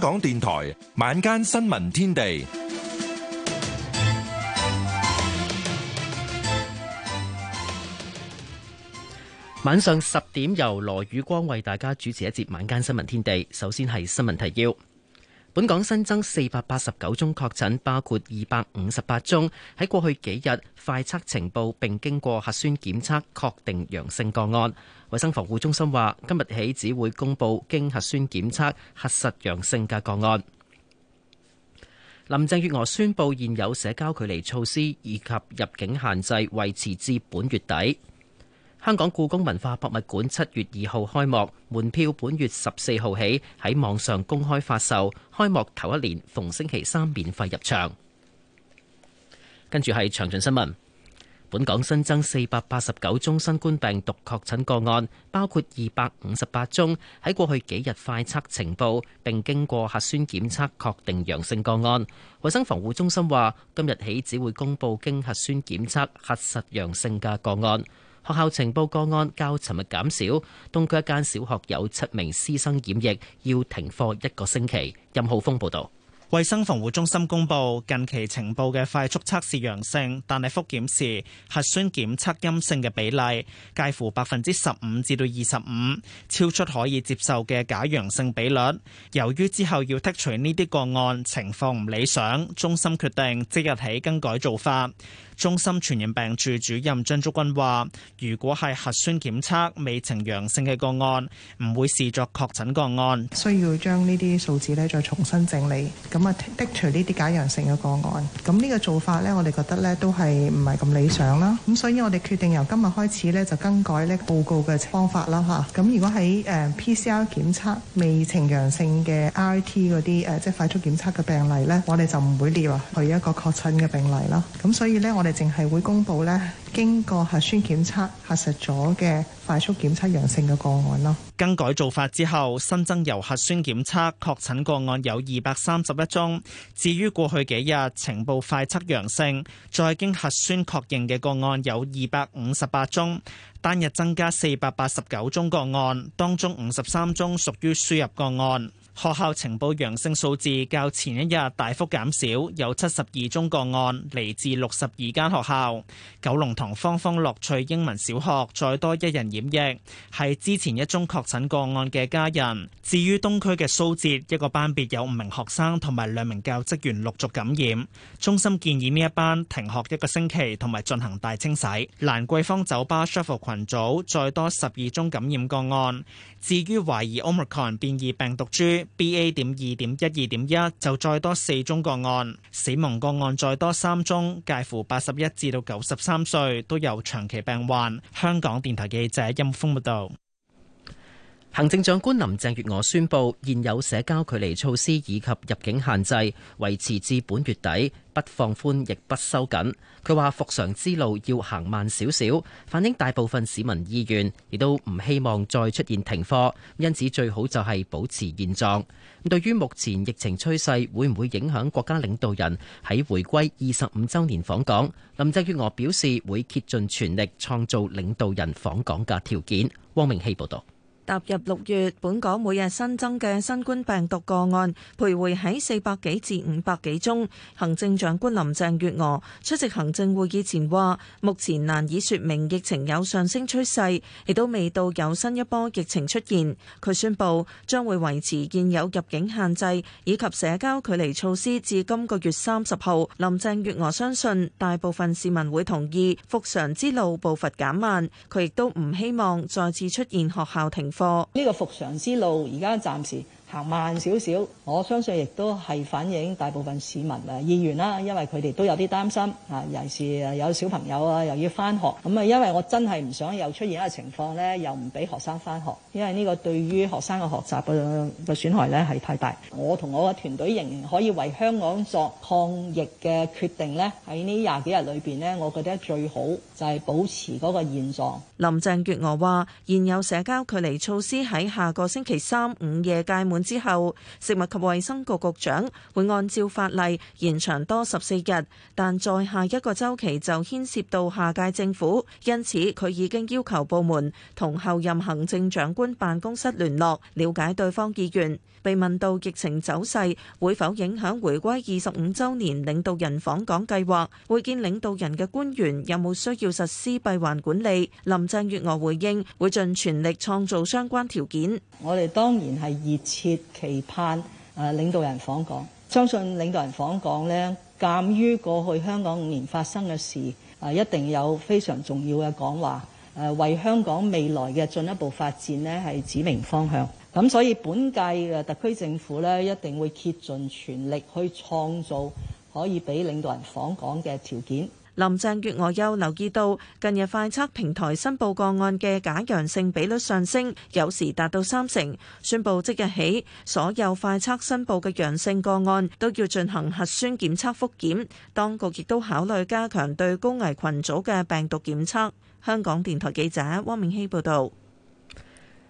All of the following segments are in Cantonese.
香港電台晚間新聞天地，晚上十點由羅宇光為大家主持一節晚間新聞天地。首先係新聞提要。本港新增四百八十九宗確診，包括二百五十八宗喺過去幾日快測呈報並經過核酸檢測確定陽性個案。衛生防護中心話，今日起只會公佈經核酸檢測核實陽性嘅個案。林鄭月娥宣布，現有社交距離措施以及入境限制維持至本月底。香港故宮文化博物館七月二號開幕，門票本月十四號起喺網上公開發售。開幕頭一年逢星期三免費入場。跟住係詳盡新聞：本港新增四百八十九宗新冠病毒確診個案，包括二百五十八宗喺過去幾日快測呈報，並經過核酸檢測確定陽性個案。衛生防護中心話，今日起只會公布經核酸檢測核實陽性嘅個案。學校情報個案較尋日減少，東區一間小學有七名師生檢疫，要停課一個星期。任浩峰報道。衛生防護中心公布，近期情報嘅快速測試陽性，但係複檢時核酸檢測陰性嘅比例介乎百分之十五至到二十五，超出可以接受嘅假陽性比率。由於之後要剔除呢啲個案，情況唔理想，中心決定即日起更改做法。中心傳染病處主任張竹君話，如果係核酸檢測未呈陽性嘅個案，唔會視作確診個案，需要將呢啲數字咧再重新整理，咁啊剔除呢啲假陽性嘅個案。咁呢個做法咧，我哋覺得咧都係唔係咁理想啦。咁所以我哋決定由今日開始咧就更改呢報告嘅方法啦吓。咁如果喺誒 PCR 檢測未呈陽性嘅 RT 嗰啲誒即係快速檢測嘅病例咧，我哋就唔會列啊佢一個確診嘅病例啦。咁所以咧我哋。淨係會公佈咧，經過核酸檢測核實咗嘅快速檢測陽性嘅個案咯。更改做法之後，新增由核酸檢測確診個案有二百三十一宗。至於過去幾日呈報快測陽性再經核酸確認嘅個案有二百五十八宗，單日增加四百八十九宗個案，當中五十三宗屬於輸入個案。學校情報陽性數字較前一日大幅減少，有七十二宗個案嚟自六十二間學校。九龍塘方方樂趣英文小學再多一人染疫，係之前一宗確診個案嘅家人。至於東區嘅蘇浙一個班別有五名學生同埋兩名教職員陸續感染，中心建議呢一班停學一個星期同埋進行大清洗。蘭桂坊酒吧 Shuffle 群組再多十二宗感染個案，至於懷疑 Omicron 變異病毒株，B A. 點二點一二點一就再多四宗個案，死亡個案再多三宗，介乎八十一至到九十三歲都有長期病患。香港電台記者任風報道。行政長官林鄭月娥宣布，現有社交距離措施以及入境限制維持至本月底，不放寬亦不收緊。佢話復常之路要行慢少少，反映大部分市民意願，亦都唔希望再出現停課，因此最好就係保持現狀。咁對於目前疫情趨勢會唔會影響國家領導人喺回歸二十五周年訪港？林鄭月娥表示會竭盡全力創造領導人訪港嘅條件。汪明希報道。踏入六月，本港每日新增嘅新冠病毒個案徘徊喺四百幾至五百幾宗。行政長官林鄭月娥出席行政會議前話：目前難以說明疫情有上升趨勢，亦都未到有新一波疫情出現，佢宣布將會維持現有入境限制以及社交距離措施至今個月三十號。林鄭月娥相信大部分市民會同意復常之路步伐減慢，佢亦都唔希望再次出現學校停。呢個復常之路，而家暫時。 行慢少少，我相信亦都係反映大部分市民嘅意願啦，因為佢哋都有啲擔心啊，尤其是有小朋友啊，又要翻學，咁啊，因為我真係唔想又出現一個情況咧，又唔俾學生翻學，因為呢個對於學生嘅學習嘅嘅損害咧係太大。我同我嘅團隊仍然可以為香港作抗疫嘅決定咧。喺呢廿幾日裏邊咧，我覺得最好就係保持嗰個現狀。林鄭月娥話現有社交距離措施喺下個星期三午夜屆滿。之後，食物及衛生局局長會按照法例延長多十四日，但在下一個周期就牽涉到下屆政府，因此佢已經要求部門同後任行政長官辦公室聯絡，了解對方意願。被問到疫情走勢會否影響回歸二十五周年領導人訪港計劃，會見領導人嘅官員有冇需要實施閉環管理，林鄭月娥回應會盡全力創造相關條件。我哋當然係熱切。期盼誒領導人訪港，相信領導人訪港咧，鑑於過去香港五年發生嘅事，誒一定有非常重要嘅講話，誒為香港未來嘅進一步發展呢係指明方向。咁所以本屆嘅特區政府咧，一定會竭盡全力去創造可以俾領導人訪港嘅條件。林鄭月娥又留意到，近日快測平台申報個案嘅假陽性比率上升，有時達到三成。宣布即日起，所有快測申報嘅陽性個案都要進行核酸檢測復檢。當局亦都考慮加強對高危群組嘅病毒檢測。香港電台記者汪明希報導。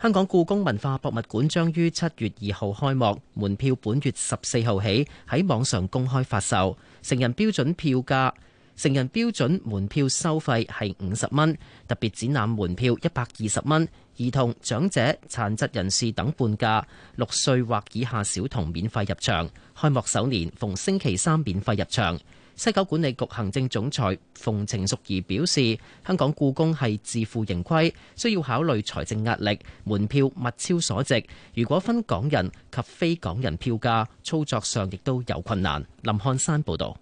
香港故宮文化博物館將於七月二號開幕，門票本月十四號起喺網上公開發售。成人標準票價，成人標準門票收費係五十蚊，特別展覽門票一百二十蚊。兒童、長者、殘疾人士等半價，六歲或以下小童免費入場。開幕首年，逢星期三免費入場。西九管理局行政總裁馮程淑儀表示，香港故宮係自負盈虧，需要考慮財政壓力，門票物超所值。如果分港人及非港人票價，操作上亦都有困難。林漢山報道，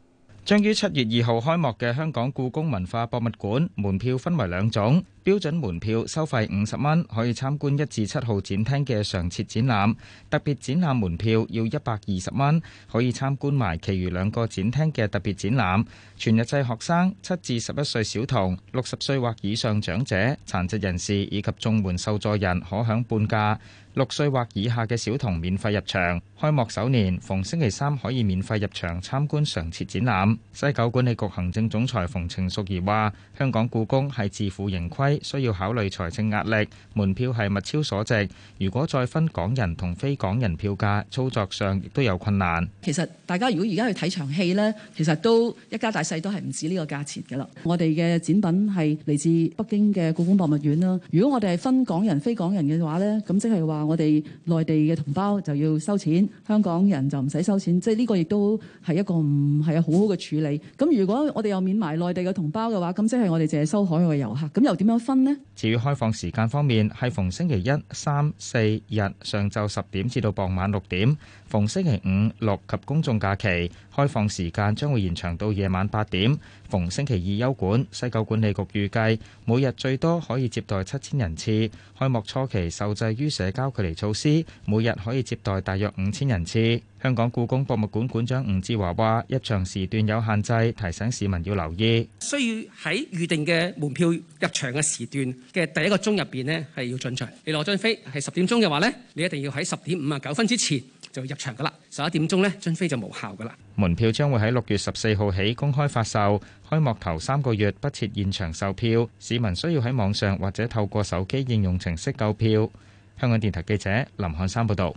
將於七月二號開幕嘅香港故宮文化博物館門票分為兩種。標準門票收費五十蚊，可以參觀一至七號展廳嘅常設展覽。特別展覽門票要一百二十蚊，可以參觀埋其餘兩個展廳嘅特別展覽。全日制學生、七至十一歲小童、六十歲或以上長者、殘疾人士以及綜援受助人可享半價。六歲或以下嘅小童免費入場。開幕首年，逢星期三可以免費入場參觀常設展覽。西九管理局行政總裁馮程淑儀話：香港故宮係自負盈虧。需要考慮財政壓力，門票係物超所值。如果再分港人同非港人票價，操作上亦都有困難。其實大家如果而家去睇場戲呢，其實都一家大細都係唔止呢個價錢嘅啦。我哋嘅展品係嚟自北京嘅故宮博物院啦。如果我哋係分港人、非港人嘅話呢，咁即係話我哋內地嘅同胞就要收錢，香港人就唔使收錢。即係呢個亦都係一個唔係好好嘅處理。咁如果我哋又免埋內地嘅同胞嘅話，咁即係我哋淨係收海外遊客。咁又點樣？分咧，至於開放時間方面，係逢星期一、三、四日上晝十點至到傍晚六點，逢星期五、六及公眾假期，開放時間將會延長到夜晚八點，逢星期二休館。西九管理局預計每日最多可以接待七千人次。開幕初期受制於社交距離措施，每日可以接待大約五千人次。香港故宮博物館館長吳志華話：入場時段有限制，提醒市民要留意。需要喺預定嘅門票入場嘅時段嘅第一個鐘入邊呢，係要進場。你攞張飛係十點鐘嘅話呢，你一定要喺十點五啊九分之前，就入場噶啦！十一點鐘呢，津飛就無效噶啦。門票將會喺六月十四號起公開發售，開幕頭三個月不設現場售票，市民需要喺網上或者透過手機應用程式購票。香港電台記者林漢山報導。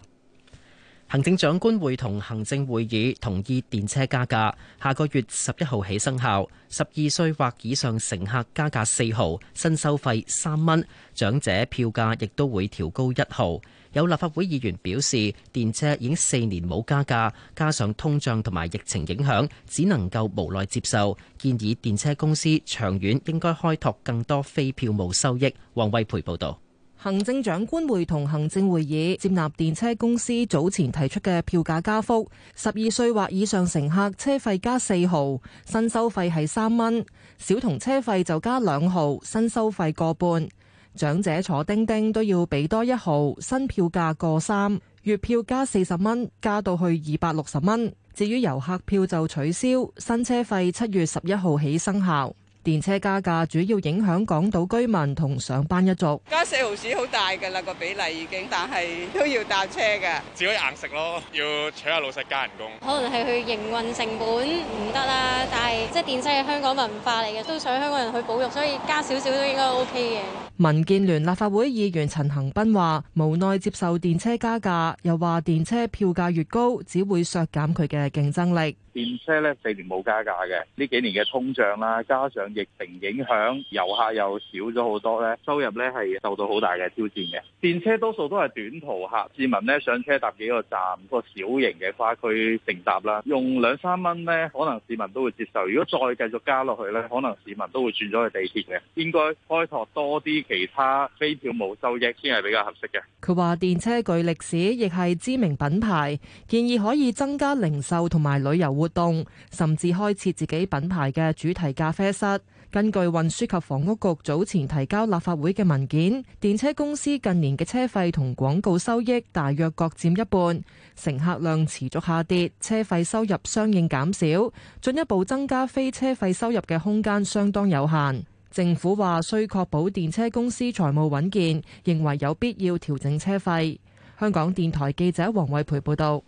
行政長官會同行政會議同意電車加價，下個月十一號起生效。十二歲或以上乘客加價四毫，新收費三蚊，長者票價亦都會調高一毫。有立法會議員表示，電車已經四年冇加價，加上通脹同埋疫情影響，只能夠無奈接受。建議電車公司長遠應該開拓更多非票務收益。黃惠培報導。行政長官會同行政會議接納電車公司早前提出嘅票價加幅，十二歲或以上乘客車費加四毫，新收費係三蚊；小童車費就加兩毫，新收費過半。長者坐叮叮都要俾多一毫，新票價過三，月票加四十蚊，加到去二百六十蚊。至於遊客票就取消，新車費七月十一號起生效。電車加價主要影響港島居民同上班一族，加四毫子好大㗎喇，個比例已經，但係都要搭車㗎，只可以硬食咯，要請下老細加人工。可能係佢營運成本唔得啦，但係即係電車係香港文化嚟嘅，都想香港人去保育，所以加少少都應該 OK 嘅。民建聯立法會議員陳恆鑌話：無奈接受電車加價，又話電車票價越高，只會削減佢嘅競爭力。電車呢四年冇加價嘅，呢幾年嘅通脹啦，加上疫情影響，遊客又少咗好多呢，收入呢係受到好大嘅挑戰嘅。電車多數都係短途客，市民呢上車搭幾個站，個小型嘅跨區乘搭啦，用兩三蚊呢，可能市民都會接受。如果再繼續加落去呢，可能市民都會轉咗去地鐵嘅。應該開拓多啲其他非票務收益先係比較合適嘅。佢話電車具歷史，亦係知名品牌，建議可以增加零售同埋旅遊活動，甚至開設自己品牌嘅主題咖啡室。根據運輸及房屋局早前提交立法會嘅文件，電車公司近年嘅車費同廣告收益大約各佔一半，乘客量持續下跌，車費收入相應減少，進一步增加非車費收入嘅空間相當有限。政府話需確保電車公司財務穩健，認為有必要調整車費。香港電台記者黃惠培報導。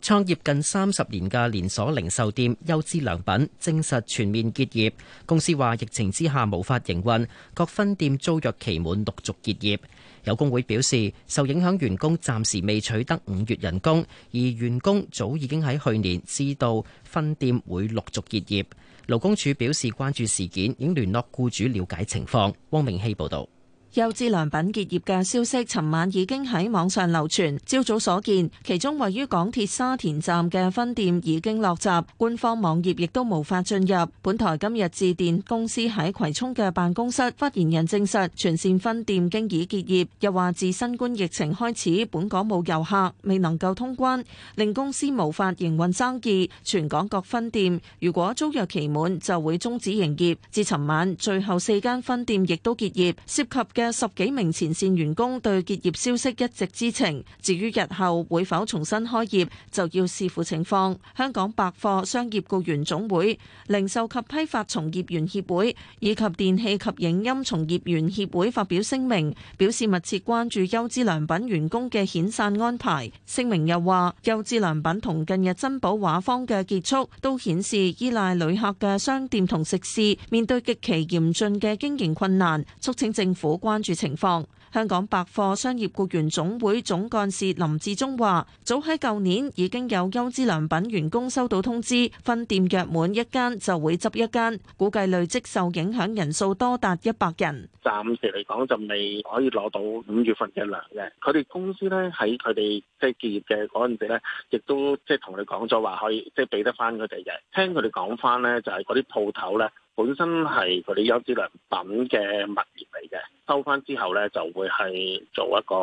創業近三十年嘅連鎖零售店優之良品證實全面結業。公司話疫情之下無法營運，各分店租約期滿陸續結業。有工會表示，受影響員工暫時未取得五月人工，而員工早已經喺去年知道分店會陸續結業。勞工處表示關注事件，已聯絡雇主了解情況。汪明希報道。優之良品結業嘅消息，尋晚已經喺網上流傳。朝早所見，其中位於港鐵沙田站嘅分店已經落閘，官方網頁亦都無法進入。本台今日致電公司喺葵涌嘅辦公室，發言人證實全線分店經已結業。又話自新冠疫情開始，本港冇遊客，未能夠通關，令公司無法營運生意。全港各分店如果租約期滿，就會終止營業。至尋晚，最後四間分店亦都結業，涉及嘅。嘅十幾名前線員工對結業消息一直知情，至於日後會否重新開業就要視乎情況。香港百貨商業僱員總會、零售及批發從業員協會以及電器及影音從業員協會發表聲明，表示密切關注優質良品員工嘅遣散安排。聲明又話，優質良品同近日珍寶畫坊嘅結束都顯示依賴旅客嘅商店同食肆面對極其嚴峻嘅經營困難，促請政府關。關注情況，香港百貨商業僱員總會總幹事林志忠話，早喺舊年已經有優之良品員工收到通知，分店約滿一間就會執一間，估計累積受影響人數多達一百人。暫時嚟講就未可以攞到五月份嘅糧嘅，佢哋公司咧喺佢哋即係結業嘅嗰陣時咧，亦都即係同你講咗話可以即係俾得翻佢哋嘅。聽佢哋講翻咧，就係嗰啲鋪頭咧。本身係嗰啲優之良品嘅物業嚟嘅，收翻之後咧就會，係做一個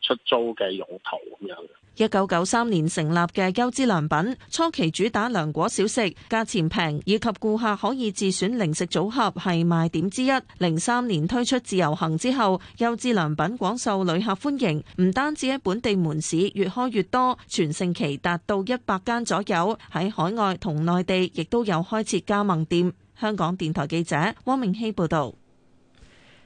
誒出租嘅用途咁樣。一九九三年成立嘅優之良品，初期主打涼果小食，價錢平，以及顧客可以自選零食組合係賣點之一。零三年推出自由行之後優之良品廣受旅客歡迎，唔單止喺本地門市越開越多，全盛期達到一百間左右，喺海外同內地亦都有開設加盟店。香港電台記者汪明熙報道，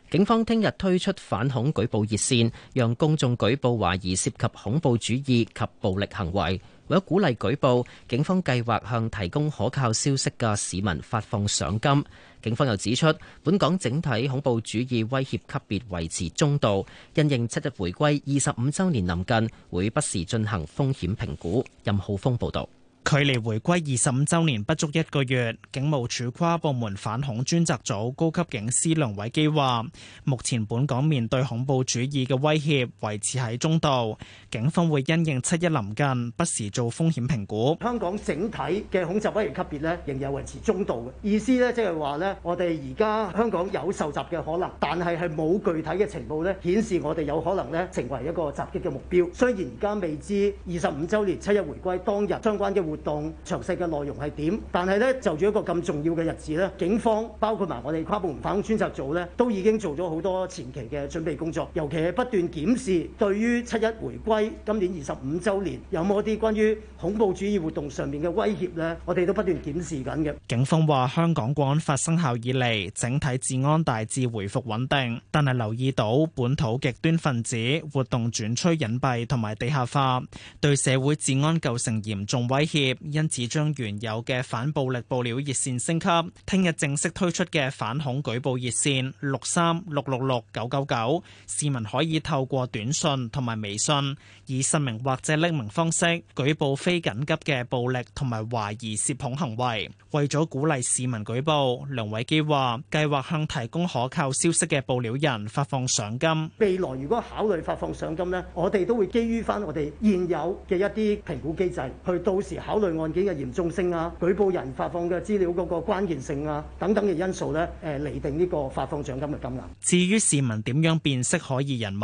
警方聽日推出反恐舉報熱線，讓公眾舉報懷疑涉及恐怖主義及暴力行為。為咗鼓勵舉報，警方計劃向提供可靠消息嘅市民發放賞金。警方又指出，本港整體恐怖主義威脅級別維持中度，因應七日回歸二十五周年臨近，會不時進行風險評估。任浩峰報道。距離回歸二十五週年不足一個月，警務處跨部門反恐專責組高級警司梁偉基話：目前本港面對恐怖主義嘅威脅維持喺中度，警方會因應七一臨近，不時做風險評估。香港整體嘅恐襲威脅級別咧，仍然有維持中度嘅意思呢，即係話呢，我哋而家香港有受襲嘅可能，但係係冇具體嘅情報呢顯示我哋有可能咧成為一個襲擊嘅目標。雖然而家未知二十五週年七一回歸當日相關嘅。活動詳細嘅內容係點？但係咧，就住一個咁重要嘅日子咧，警方包括埋我哋跨部門反恐專責組咧，都已經做咗好多前期嘅準備工作。尤其係不斷檢視對於七一回歸今年二十五週年有冇一啲關於恐怖主義活動上面嘅威脅咧，我哋都不斷檢視緊嘅。警方話，香港《國安法》生效以嚟，整體治安大致回復穩定，但係留意到本土極端分子活動轉趨隱蔽同埋地下化，對社會治安構成嚴重威脅。因此將原有嘅反暴力報料熱線升級，聽日正式推出嘅反恐舉報熱線六三六六六九九九，市民可以透過短信同埋微信以實名或者匿名方式舉報非緊急嘅暴力同埋懷疑涉恐行為。為咗鼓勵市民舉報，梁偉基話計劃向提供可靠消息嘅報料人發放賞金。未來如果考慮發放賞金呢，我哋都會基於翻我哋現有嘅一啲評估機制去到時考慮案件嘅嚴重性啊，舉報人發放嘅資料嗰個關鍵性啊等等嘅因素咧，誒釐定呢個發放獎金嘅金額。至於市民點樣辨識可疑人物，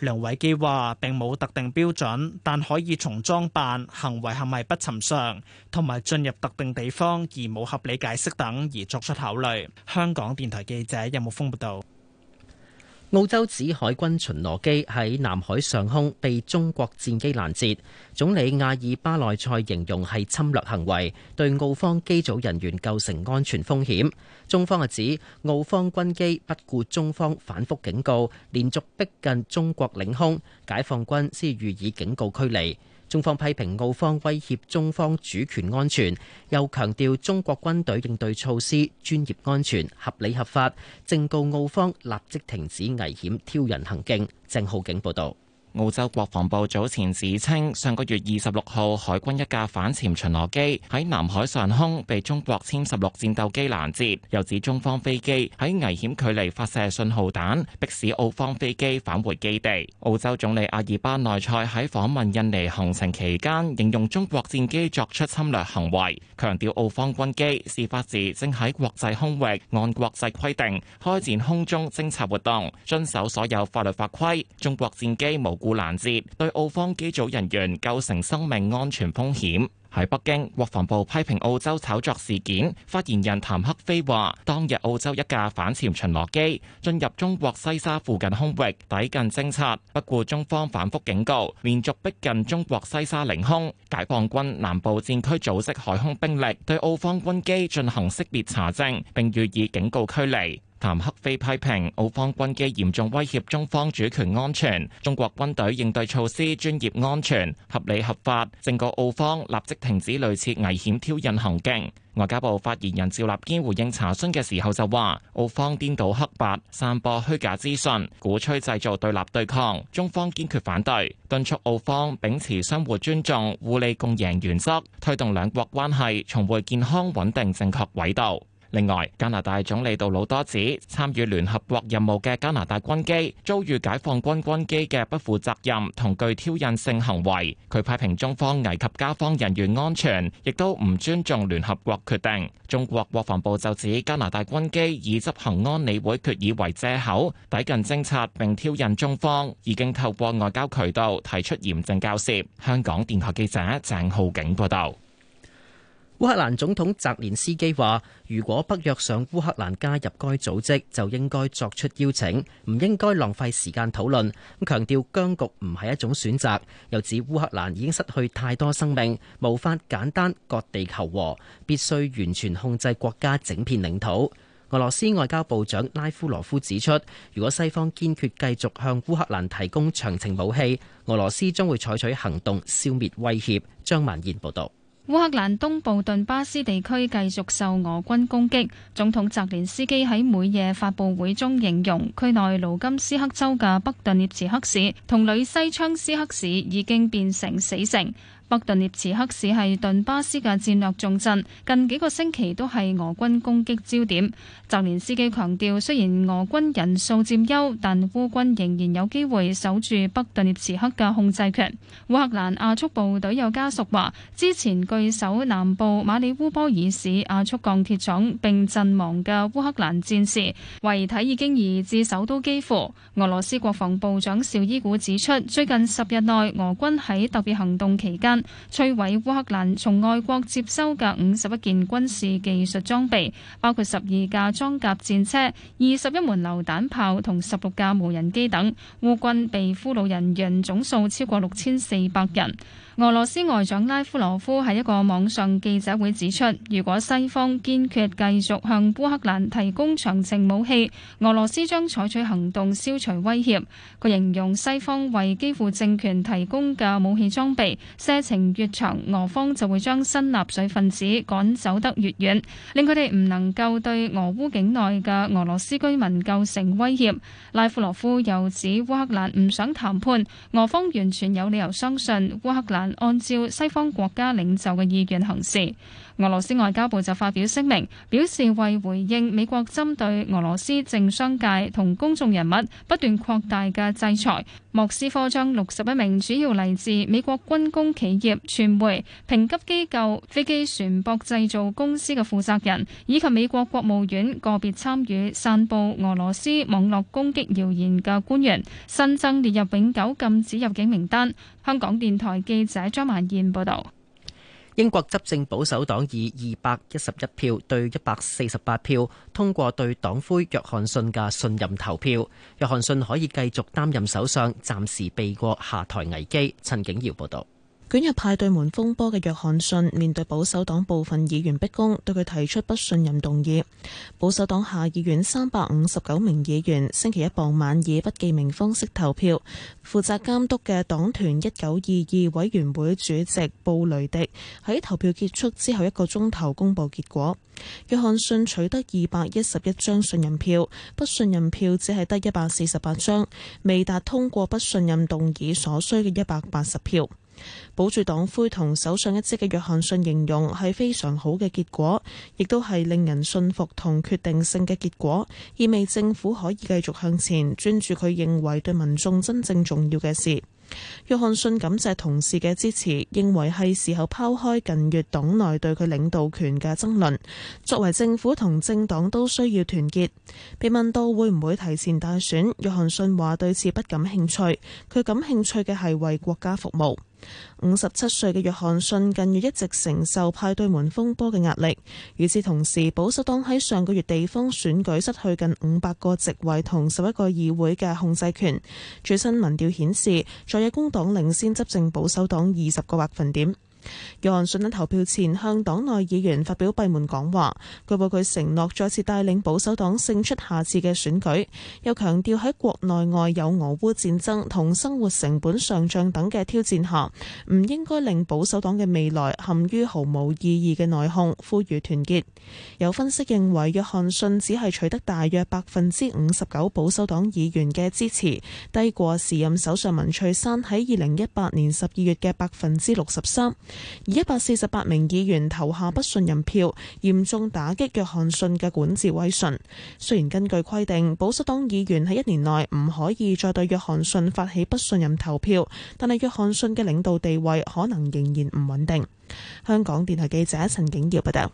梁偉基話並冇特定標準，但可以從裝扮、行為係咪不尋常，同埋進入特定地方而冇合理解釋等而作出考慮。香港電台記者任木峰報道。澳洲指海軍巡邏機喺南海上空被中國戰機攔截，總理亞爾巴內塞形容係侵略行為，對澳方機組人員構成安全風險。中方又指澳方軍機不顧中方反覆警告，連續逼近中國領空，解放軍先予以警告驅離。中方批評澳方威脅中方主權安全，又強調中國軍隊應對措施專業、安全、合理、合法，正告澳方立即停止危險挑釁行徑。鄭浩景報道。澳洲國防部早前指稱，上個月二十六號海軍一架反潛巡邏機喺南海上空被中國殲十六戰鬥機攔截，又指中方飛機喺危險距離發射信號彈，迫使澳方飛機返回基地。澳洲總理阿爾巴內塞喺訪問印尼行程期間，形容中國戰機作出侵略行為，強調澳方軍機事發時正喺國際空域按國際規定開展空中偵察活動，遵守所有法律法規。中國戰機無。故攔截對澳方機組人員構成生命安全風險。喺北京，國防部批評澳洲炒作事件。發言人譚克非話當日澳洲一架反潛巡邏機進入中國西沙附近空域，抵近偵察，不顧中方反覆警告，連續逼近中國西沙領空。解放軍南部戰區組織海空兵力對澳方軍機進行識別查證並予以警告驅離。譚克非批評澳方軍機嚴重威脅中方主權安全，中國軍隊應對措施專業、安全、合理、合法，正告澳方立即停止類似危險挑釁行徑。外交部發言人趙立堅回應查詢嘅時候就話，澳方顛倒黑白、散播虛假資訊、鼓吹製造對立對抗，中方堅決反對，敦促澳方秉持相互尊重、互利共贏原則，推動兩國關係重回健康穩定正確軌道。另外，加拿大總理杜魯多指，參與聯合國任務嘅加拿大軍機遭遇解放軍軍機嘅不負責任同具挑釁性行為，佢批評中方危及加方人員安全，亦都唔尊重聯合國決定。中國國防部就指，加拿大軍機以執行安理會決議為借口，抵近偵察並挑釁中方，已經透過外交渠道提出嚴正交涉，香港電台記者鄭浩景報道。烏克蘭總統澤連斯基話，如果北約上烏克蘭加入該組織，就應該作出邀請，唔應該浪費時間討論，強調僵局唔係一種選擇。又指烏克蘭已經失去太多生命，無法簡單割地求和，必須完全控制國家整片領土。俄羅斯外交部長拉夫羅夫指出，如果西方堅決繼續向烏克蘭提供長程武器，俄羅斯將會採取行動消滅威脅。張曼燕報道。烏克蘭東部頓巴斯地區繼續受俄軍攻擊，總統澤連斯基喺每夜發布會中形容，區內盧甘斯克州嘅北頓涅茨克市同里西昌斯克市已經變成死城。北頓涅茨克市係頓巴斯嘅戰略重鎮，近幾個星期都係俄軍攻擊焦點。澤連斯基強調，雖然俄軍人數佔優，但烏軍仍然有機會守住北頓涅茨克嘅控制權。烏克蘭亞速部隊有家屬話，之前據守南部馬里烏波爾市亞速鋼鐵廠並陣亡嘅烏克蘭戰士遺體已經移至首都基輔。俄羅斯國防部長邵伊古指出，最近十日內俄軍喺特別行動期間，摧毀烏克蘭從外國接收嘅五十一件軍事技術裝備，包括十二架裝甲戰車、二十一門榴彈炮同十六架無人機等。烏軍被俘虜人員總數超過六千四百人。俄羅斯外長拉夫羅夫喺一個網上記者會指出，如果西方堅決繼續向烏克蘭提供長程武器，俄羅斯將採取行動消除威脅。佢形容西方為基輔政權提供嘅武器裝備，射程越長，俄方就會將新納粹分子趕走得越遠，令佢哋唔能夠對俄烏境內嘅俄羅斯居民構成威脅。拉夫羅夫又指，烏克蘭唔想談判，俄方完全有理由相信烏克蘭。按照西方國家領袖嘅意願行事。俄羅斯外交部就發表聲明，表示為回應美國針對俄羅斯政商界同公眾人物不斷擴大嘅制裁，莫斯科將六十一名主要嚟自美國軍工企業、傳媒、評級機構、飛機船舶製造公司嘅負責人，以及美國國務院個別參與散佈俄羅斯網絡攻擊謠言嘅官員，新增列入永久禁止入境名單。香港電台記者張曼燕報導。英國執政保守黨以二百一十一票對一百四十八票通過對黨魁約翰遜嘅信任投票，約翰遜可以繼續擔任首相，暫時避過下台危機。陳景堯報道。捲入派對門風波嘅約翰遜，面對保守黨部分議員逼宮，對佢提出不信任動議。保守黨下議院三百五十九名議員星期一傍晚以不記名方式投票。負責監督嘅黨團一九二二委員會主席布雷迪喺投票結束之後一個鐘頭公布結果。約翰遜取得二百一十一張信任票，不信任票只係得一百四十八張，未達通過不信任動議所需嘅一百八十票。保住黨魁同首相一職嘅約翰遜形容係非常好嘅結果，亦都係令人信服同決定性嘅結果，意味政府可以繼續向前，專注佢認為對民眾真正重要嘅事。約翰遜感謝同事嘅支持，認為係時候拋開近月黨內對佢領導權嘅爭論。作為政府同政黨都需要團結。被問到會唔會提前大選，約翰遜話對此不感興趣。佢感興趣嘅係為國家服務。五十七歲嘅約翰遜近月一直承受派對門風波嘅壓力，與此同時，保守黨喺上個月地方選舉失去近五百個席位同十一個議會嘅控制權。最新民調顯示，在野工黨領先執政保守黨二十個百分點。約翰遜喺投票前向黨內議員發表閉門講話，據報佢承諾再次帶領保守黨勝出下次嘅選舉，又強調喺國內外有俄烏戰爭同生活成本上漲等嘅挑戰下，唔應該令保守黨嘅未來陷於毫無意義嘅內訌，呼籲團結。有分析認為，約翰遜只係取得大約百分之五十九保守黨議員嘅支持，低過時任首相文翠珊喺二零一八年十二月嘅百分之六十三。而一百四十八名議員投下不信任票，嚴重打擊約翰遜嘅管治威信。雖然根據規定，保守黨議員喺一年內唔可以再對約翰遜發起不信任投票，但係約翰遜嘅領導地位可能仍然唔穩定。香港電台記者陳景耀報道。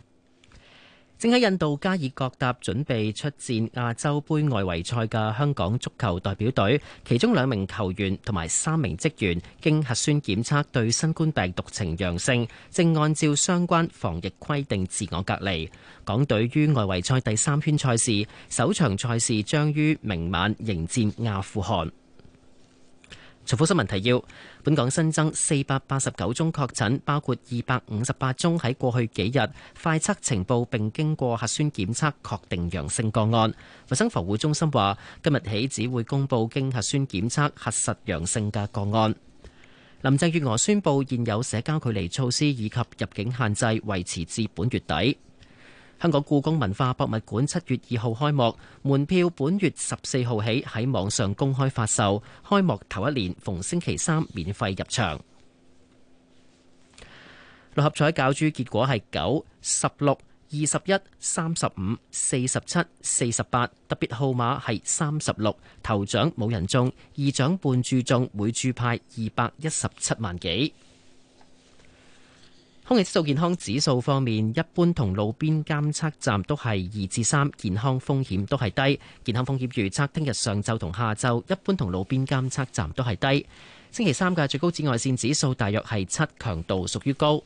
正喺印度加爾各答準備出戰亞洲杯外圍賽嘅香港足球代表隊，其中兩名球員同埋三名職員經核酸檢測對新冠病毒呈陽性，正按照相關防疫規定自我隔離。港隊於外圍賽第三圈賽事，首場賽事將於明晚迎戰阿富汗。重溫新聞提要：本港新增四百八十九宗確診，包括二百五十八宗喺過去幾日快測呈報並經過核酸檢測確定陽性個案。衞生防護中心話，今日起只會公佈經核酸檢測核實陽性嘅個案。林鄭月娥宣布現有社交距離措施以及入境限制維持至本月底。香港故宮文化博物館七月二號開幕，門票本月十四號起喺網上公開發售。開幕頭一年逢星期三免費入場。六合彩攪珠結果係九、十六、二十一、三十五、四十七、四十八，特別號碼係三十六。頭獎冇人中，二獎半注中，每注派二百一十七萬幾。空氣質素健康指數方面，一般同路邊監測站都係二至三，健康風險都係低。健康風險預測，聽日上晝同下晝一般同路邊監測站都係低。星期三嘅最高紫外線指數大約係七，強度屬於高。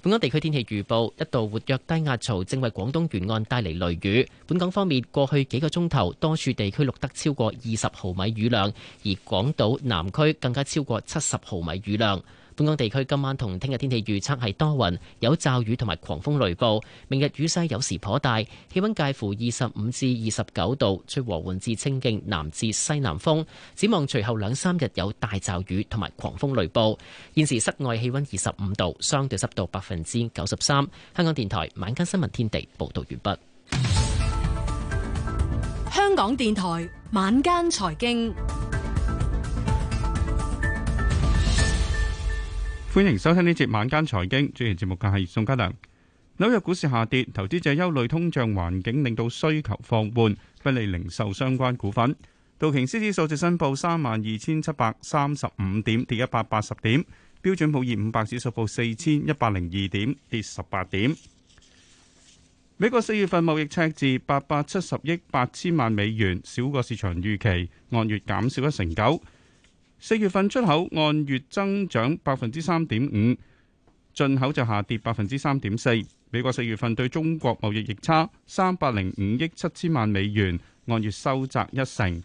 本港地區天氣預報，一道活躍低壓槽正為廣東沿岸帶嚟雷雨。本港方面，過去幾個鐘頭多處地區錄得超過二十毫米雨量，而港島南區更加超過七十毫米雨量。本港地區今晚同聽日天氣預測係多雲，有驟雨同埋狂風雷暴。明日雨勢有時頗大，氣溫介乎二十五至二十九度，吹和緩至清勁，南至西南風。展望隨後兩三日有大驟雨同埋狂風雷暴。現時室外氣溫二十五度，相對濕度百分之九十三。香港電台晚間新聞天地報道完畢。香港電台晚間財經。歡迎收聽呢節晚間財經，主持節目嘅係宋嘉良。紐約股市下跌，投資者憂慮通脹環境，令到需求放緩，不利零售相關股份。道瓊斯指數申報三萬二千七百三十五點，跌一百八十點。標準普爾五百指數報四千一百零二點，跌十八點。美國四月份貿易赤字八百七十億八千萬美元，少過市場預期，按月減少一成九。四月份出口按月增長百分之三點五，進口就下跌百分之三點四。美國四月份對中國貿易逆差三百零五億七千萬美元，按月收窄一成。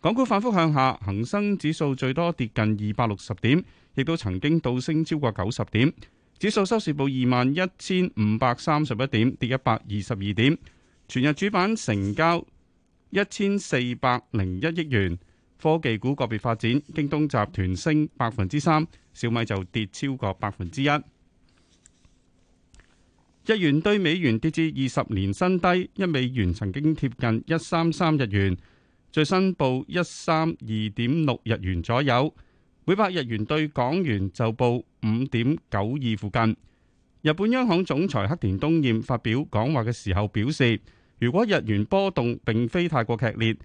港股反覆向下，恆生指數最多跌近二百六十點，亦都曾經倒升超過九十點。指數收市報二萬一千五百三十一點，跌一百二十二點。全日主板成交一千四百零一億元。科技股個別發展，京東集團升百分之三，小米就跌超過百分之一。日元對美元跌至二十年新低，一美元曾經貼近一三三日元，最新報一三二點六日元左右。每百日元對港元就報五點九二附近。日本央行總裁黑田東彥發表講話嘅時候表示，如果日元波動並非太過劇烈。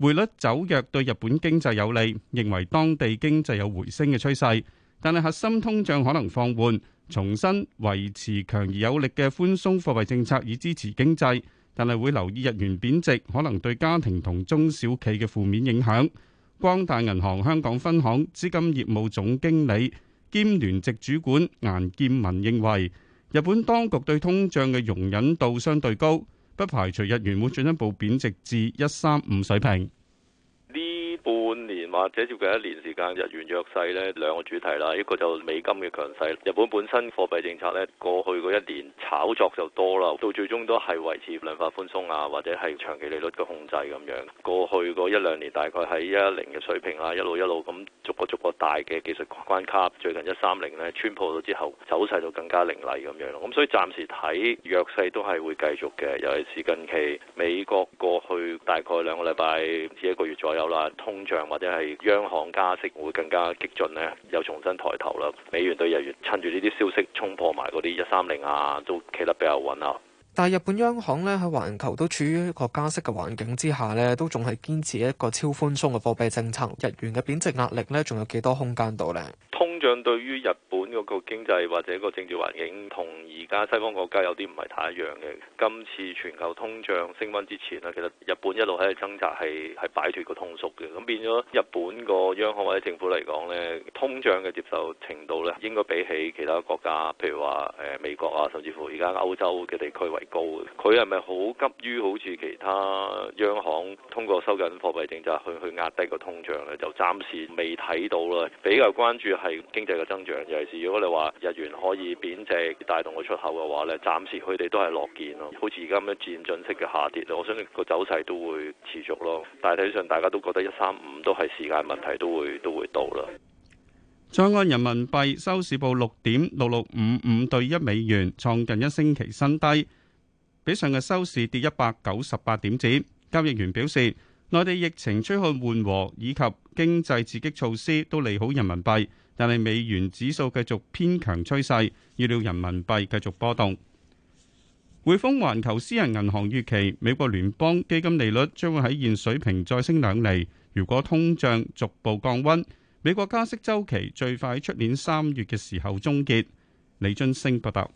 匯率走弱對日本經濟有利，認為當地經濟有回升嘅趨勢，但係核心通脹可能放緩，重新維持強而有力嘅寬鬆貨幣政策以支持經濟，但係會留意日元貶值可能對家庭同中小企嘅負面影響。光大銀行香港分行資金業務總經理兼聯席主管顏建文認為，日本當局對通脹嘅容忍度相對高。不排除日元會進一步貶值至一三五水平。半年或者接近一年時間日元弱勢咧兩個主題啦，一個就美金嘅強勢，日本本身貨幣政策咧過去嗰一年炒作就多啦，到最終都係維持量化寬鬆啊，或者係長期利率嘅控制咁樣。過去嗰一兩年大概喺一零嘅水平啦，一路一路咁逐個逐個大嘅技術關卡，最近一三零咧穿破咗之後走勢就更加凌厲咁樣咯。咁所以暫時睇弱勢都係會繼續嘅，尤其是近期美國過去大概兩個禮拜至一個月左右啦，通脹。或者係央行加息會更加激進呢？又重新抬頭啦。美元對日元趁住呢啲消息衝破埋嗰啲一三零啊，都企得比較穩啊，但係日本央行呢，喺環球都處於一個加息嘅環境之下呢，都仲係堅持一個超寬鬆嘅貨幣政策。日元嘅貶值壓力呢，仲有幾多空間度咧？通脹對於日本嗰個經濟或者個政治環境，同而家西方國家有啲唔係太一樣嘅。今次全球通脹升溫之前呢，其實日本一路喺度掙扎，係係擺脫個通縮嘅。咁變咗日本個央行或者政府嚟講呢，通脹嘅接受程度呢，應該比起其他國家，譬如話誒美國啊，甚至乎而家歐洲嘅地區為高。佢係咪好急於好似其他央行通過收緊貨幣政策去去壓低個通脹呢？就暫時未睇到啦。比較關注係。經濟嘅增長，尤其是如果你話日元可以貶值，帶動個出口嘅話咧，暫時佢哋都係落緊咯。好似而家咁樣漸進式嘅下跌，我相信個走勢都會持續咯。大體上大家都覺得一三五都係時間問題，都會都會到啦。在岸人民幣收市報六點六六五五對一美元，創近一星期新低，比上日收市跌一百九十八點子。交易員表示。內地疫情趨向緩和，以及經濟刺激措施都利好人民幣，但係美元指數繼續偏強趨勢，預料人民幣繼續波動。匯豐環球私人銀行預期美國聯邦基金利率將會喺現水平再升兩厘。如果通脹逐步降溫，美國加息週期最快出年三月嘅時候終結。李津升報道。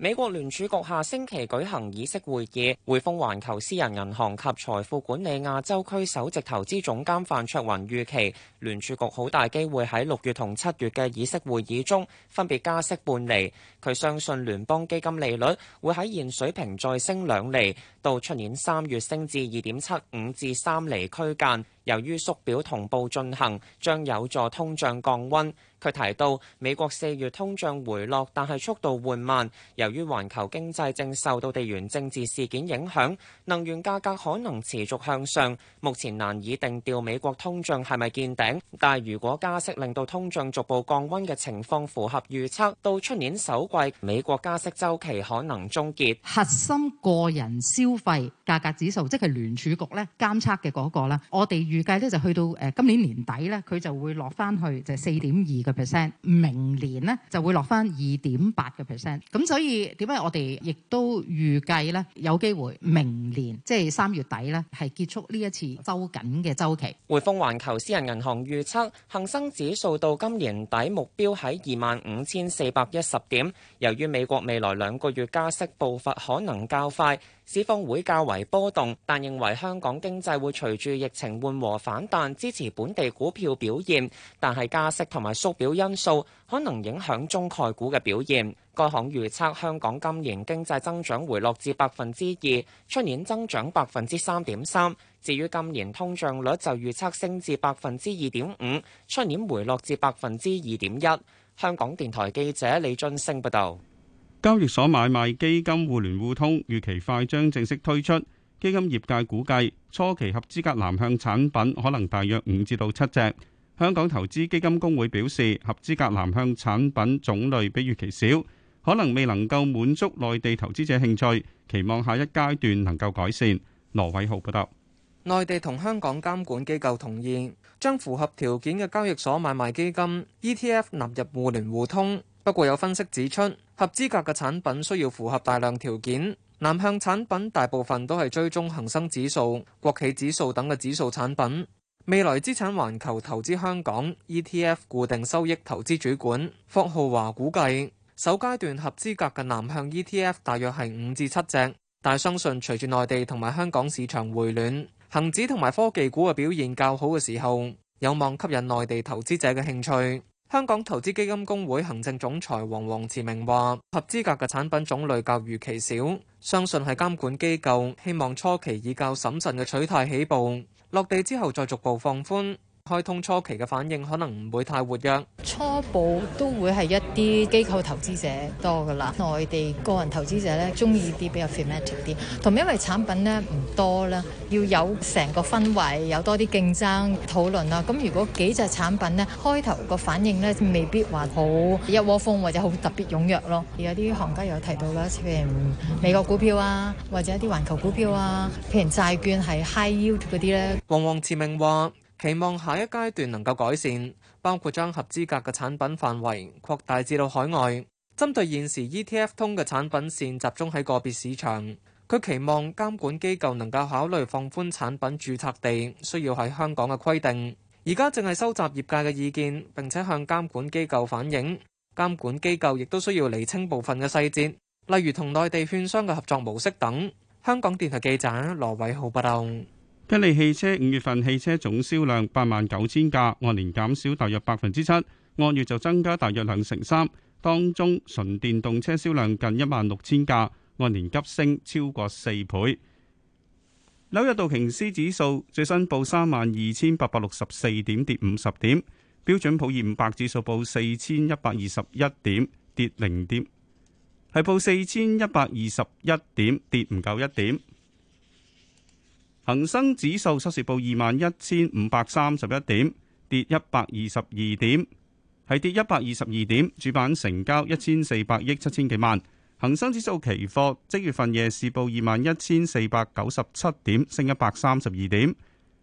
美國聯儲局下星期舉行議息會議，匯豐環球私人銀行及財富管理亞洲區首席投資總監范卓雲預期聯儲局好大機會喺六月同七月嘅議息會議中分別加息半厘。佢相信聯邦基金利率會喺現水平再升兩厘，到出年三月升至二點七五至三厘區間。由於縮表同步進行，將有助通脹降溫。佢提到美國四月通脹回落，但係速度緩慢。由於環球經濟正受到地緣政治事件影響，能源價格可能持續向上。目前難以定調美國通脹係咪見頂。但係如果加息令到通脹逐步降温嘅情況符合預測，到出年首季美國加息周期可能終結。核心個人消費價格指數即係聯儲局咧監測嘅嗰個啦。我哋預計咧就去到誒今年年底咧，佢就會落翻去就係四點二。個 percent，明年呢就會落翻二點八嘅 percent，咁所以點解我哋亦都預計呢？有機會明年即係三月底呢係結束呢一次周緊嘅周期。匯豐環球私人銀行預測恒生指數到今年底目標喺二萬五千四百一十點，由於美國未來兩個月加息步伐可能較快。市況會較為波動，但認為香港經濟會隨住疫情緩和反彈，支持本地股票表現。但係加息同埋縮表因素可能影響中概股嘅表現。該行預測香港今年經濟增長回落至百分之二，出年增長百分之三點三。至於今年通脹率就預測升至百分之二點五，出年回落至百分之二點一。香港電台記者李津升報道。交易所買賣基金互聯互通，預期快將正式推出。基金業界估計初期合資格南向產品可能大約五至到七隻。香港投資基金公會表示，合資格南向產品種類比預期少，可能未能夠滿足內地投資者興趣。期望下一階段能夠改善。羅偉浩報道，內地同香港監管機構同意將符合條件嘅交易所買賣基金 ETF 納入互聯互通。不過有分析指出，合資格嘅產品需要符合大量條件，南向產品大部分都係追蹤恒生指數、國企指數等嘅指數產品。未來資產環球投資香港 ETF 固定收益投資主管霍浩華估計，首階段合資格嘅南向 ETF 大約係五至七隻，但相信隨住內地同埋香港市場回暖，恒指同埋科技股嘅表現較好嘅時候，有望吸引內地投資者嘅興趣。香港投資基金公會行政總裁黃王慈明話：合資格嘅產品種類較預期少，相信係監管機構希望初期以較審慎嘅取態起步，落地之後再逐步放寬。開通初期嘅反應可能唔會太活躍，初步都會係一啲機構投資者多噶啦，內地個人投資者咧中意啲比較 fit 啲，同埋因為產品咧唔多啦，要有成個氛圍，有多啲競爭討論啦。咁如果幾隻產品咧開頭個反應咧，未必話好一窩蜂或者好特別踴躍咯。而有啲行家有提到啦，譬如美國股票啊，或者一啲環球股票啊，譬如債券係 high yield 嗰啲咧。王志明話。期望下一階段能夠改善，包括將合資格嘅產品範圍擴大至到海外。針對現時 ETF 通嘅產品線集中喺個別市場，佢期望監管機構能夠考慮放寬產品註冊地需要喺香港嘅規定。而家正係收集業界嘅意見，並且向監管機構反映。監管機構亦都需要釐清部分嘅細節，例如同內地券商嘅合作模式等。香港電台記者羅偉浩報道。吉利汽車五月份汽車總銷量八萬九千架，按年減少大約百分之七，按月就增加大約兩成三。當中純電動車銷量近一萬六千架，按年急升超過四倍。紐約道瓊斯指數最新報三萬二千八百六十四點，跌五十點。標準普爾五百指數報四千一百二十一點，跌零點，係報四千一百二十一點，跌唔夠一點。恒生指數收市報二萬一千五百三十一點，跌一百二十二點，係跌一百二十二點。主板成交一千四百億七千幾萬。恒生指數期貨即月份夜市報二萬一千四百九十七點，升一百三十二點。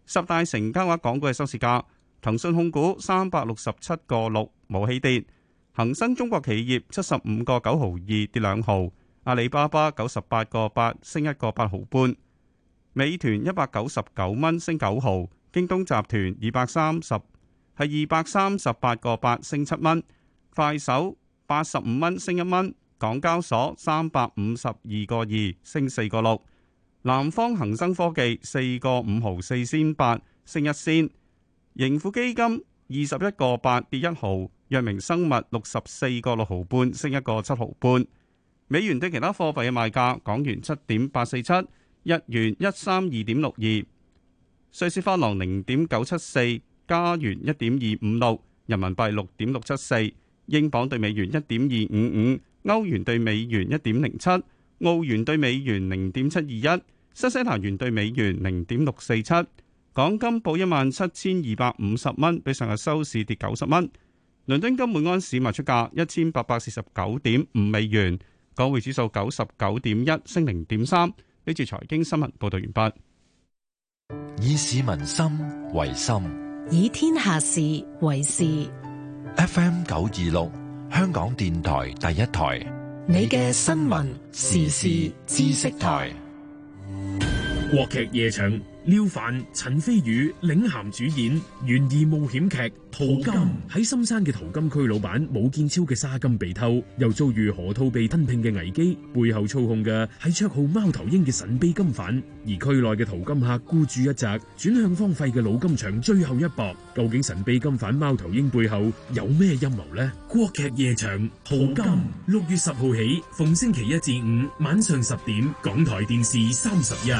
十大成交額港股嘅收市價：騰訊控股三百六十七個六，冇起跌；恒生中國企業七十五個九毫二，跌兩毫；阿里巴巴九十八個八，升一個八毫半。美團一百九十九蚊升九毫，京東集團二百三十係二百三十八個八升七蚊，快手八十五蚊升一蚊，港交所三百五十二個二升四個六，南方恒生科技四個五毫四仙八升一仙，盈富基金二十一個八跌一毫，藥明生物六十四個六毫半升一個七毫半，美元對其他貨幣嘅賣價，港元七點八四七。日元一三二點六二，瑞士法郎零點九七四，加元一點二五六，人民幣六點六七四，英鎊對美元一點二五五，歐元對美元一點零七，澳元對美元零點七二一，新西蘭元對美元零點六四七。港金報一萬七千二百五十蚊，比上日收市跌九十蚊。倫敦金每安士賣出價一千八百四十九點五美元，港匯指數九十九點一，升零點三。呢次財經新聞報道完畢，以市民心為心，以天下事為事。FM 九二六，香港電台第一台，你嘅新聞時事知識台，國劇夜場。廖凡、陳飛宇，領銜主演懸疑冒險劇《淘金》喺深山嘅淘金區，老闆武建超嘅沙金被偷，又遭遇河套被吞併嘅危機。背後操控嘅係綽號貓頭鷹嘅神秘金犯，而區內嘅淘金客孤注一擲，轉向荒廢嘅老金場最後一搏。究竟神秘金犯貓頭鷹背後有咩陰謀呢？國劇夜場淘金，六月十號起，逢星期一至五晚上十點，港台電視三十一。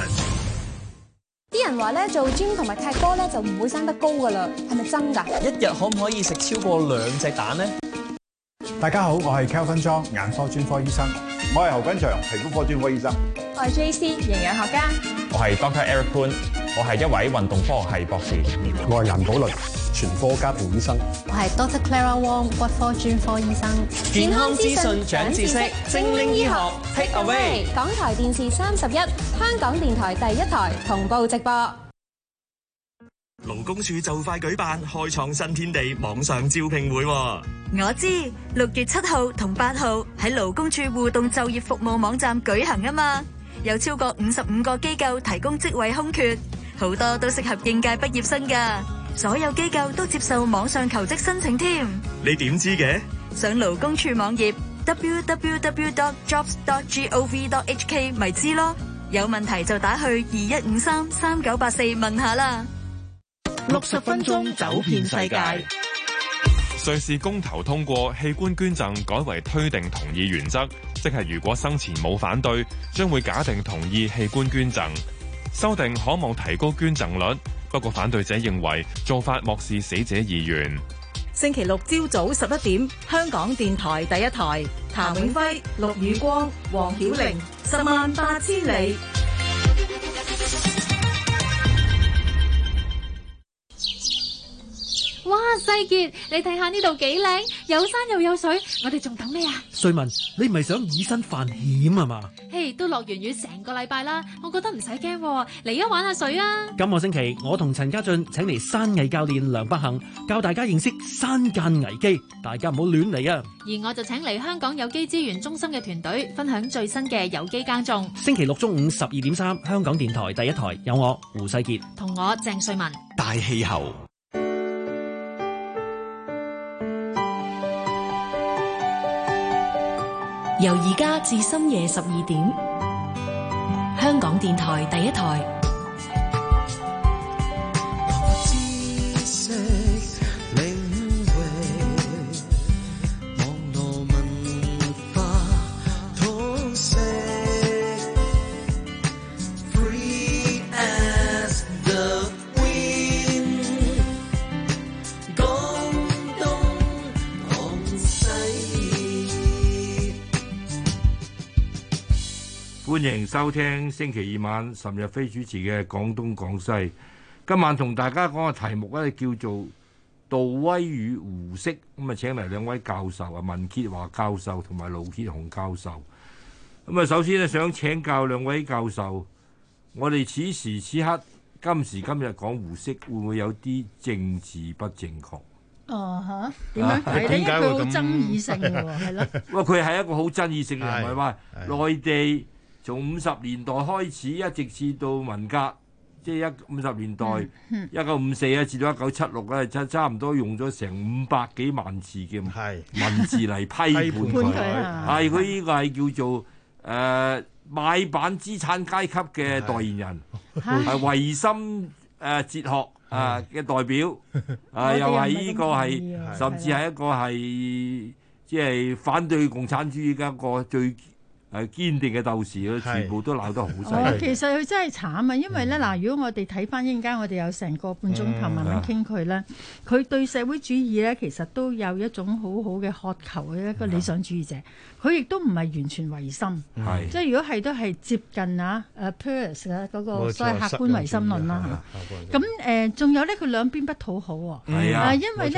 啲人話咧做 gym 同埋踢波咧就唔會生得高噶啦，係咪真噶？一日可唔可以食超過兩隻蛋咧？大家好，我係 Calvin 張，眼科專科醫生；我係侯君祥，皮膚科專科醫生；我係 J C 營養學家；我係 Doctor Eric Poon，我係一位運動科學系博士；我係林寶倫。全科家本身，我係 Doctor Clara Wong，骨科專科醫生。健康資訊長知識，精靈醫學 Take Away，港台電視三十一，香港電台第一台同步直播。勞工處就快舉辦開創新天地網上招聘會喎，我知六月七號同八號喺勞工處互動就業服務網站舉行啊嘛，有超過五十五個機構提供職位空缺，好多都適合應屆畢業生㗎。所有機構都接受網上求職申請添，你點知嘅？上勞工處網頁 www.jobs.gov.hk 咪知咯，有問題就打去二一五三三九八四問下啦。六十分鐘走遍世界。瑞士公投通過器官捐贈改為推定同意原則，即係如果生前冇反對，將會假定同意器官捐贈。修訂可望提高捐贈率。不過反對者認為做法漠視死者意願。星期六朝早十一點，香港電台第一台，譚永輝、陸雨光、黃曉玲，十萬八千里。哇，世傑，你睇下呢度幾靚，有山又有水，我哋仲等咩啊？瑞文，你唔係想以身犯險啊嘛？嘿，都落完雨成個禮拜啦，我覺得唔使驚，嚟吖，玩下水啊！今個星期我同陳家俊請嚟山藝教練梁北恆教大家認識山間危機，大家唔好亂嚟啊！而我就請嚟香港有機資源中心嘅團隊分享最新嘅有機耕種。星期六中午十二點三，香港電台第一台有我胡世傑同我鄭瑞文，大氣候。由而家至深夜十二點，香港電台第一台。歡迎收聽星期二晚岑日飛主持嘅《廣東廣西》。今晚同大家講嘅題目咧叫做《杜威與胡適》，咁啊請嚟兩位教授啊，文潔華教授同埋盧傑雄教授。咁啊，首先咧想請教兩位教授，我哋此時此刻，今時今日講胡適，會唔會有啲政治不正確？哦，吓點解？點解會好爭議性嘅？係咯？哇，佢係一個好爭議性嘅，唔係話內地。從五十年代開始，一直至到文革，即係一五十年代一九五四啊，至到一九七六咧，差差唔多用咗成五百幾萬字嘅文字嚟批判佢。係 他，佢呢個係叫做誒、呃、買辦資產階級嘅代言人，係是 唯心誒哲學啊嘅代表， 啊又係呢個係，甚至係一個係的即係反對共產主義嘅一個最。係堅定嘅鬥士咯，全部都鬧得好犀利。其實佢真係慘啊，因為咧嗱，如果我哋睇翻陣間，我哋有成個半鐘頭慢慢傾佢咧，佢對社會主義咧，其實都有一種好好嘅渴求嘅一個理想主義者。佢亦都唔係完全唯心，即係如果係都係接近啊誒 Pierce 嘅嗰個所謂客觀唯心論啦。咁誒，仲有咧，佢兩邊不討好喎。係啊，因為。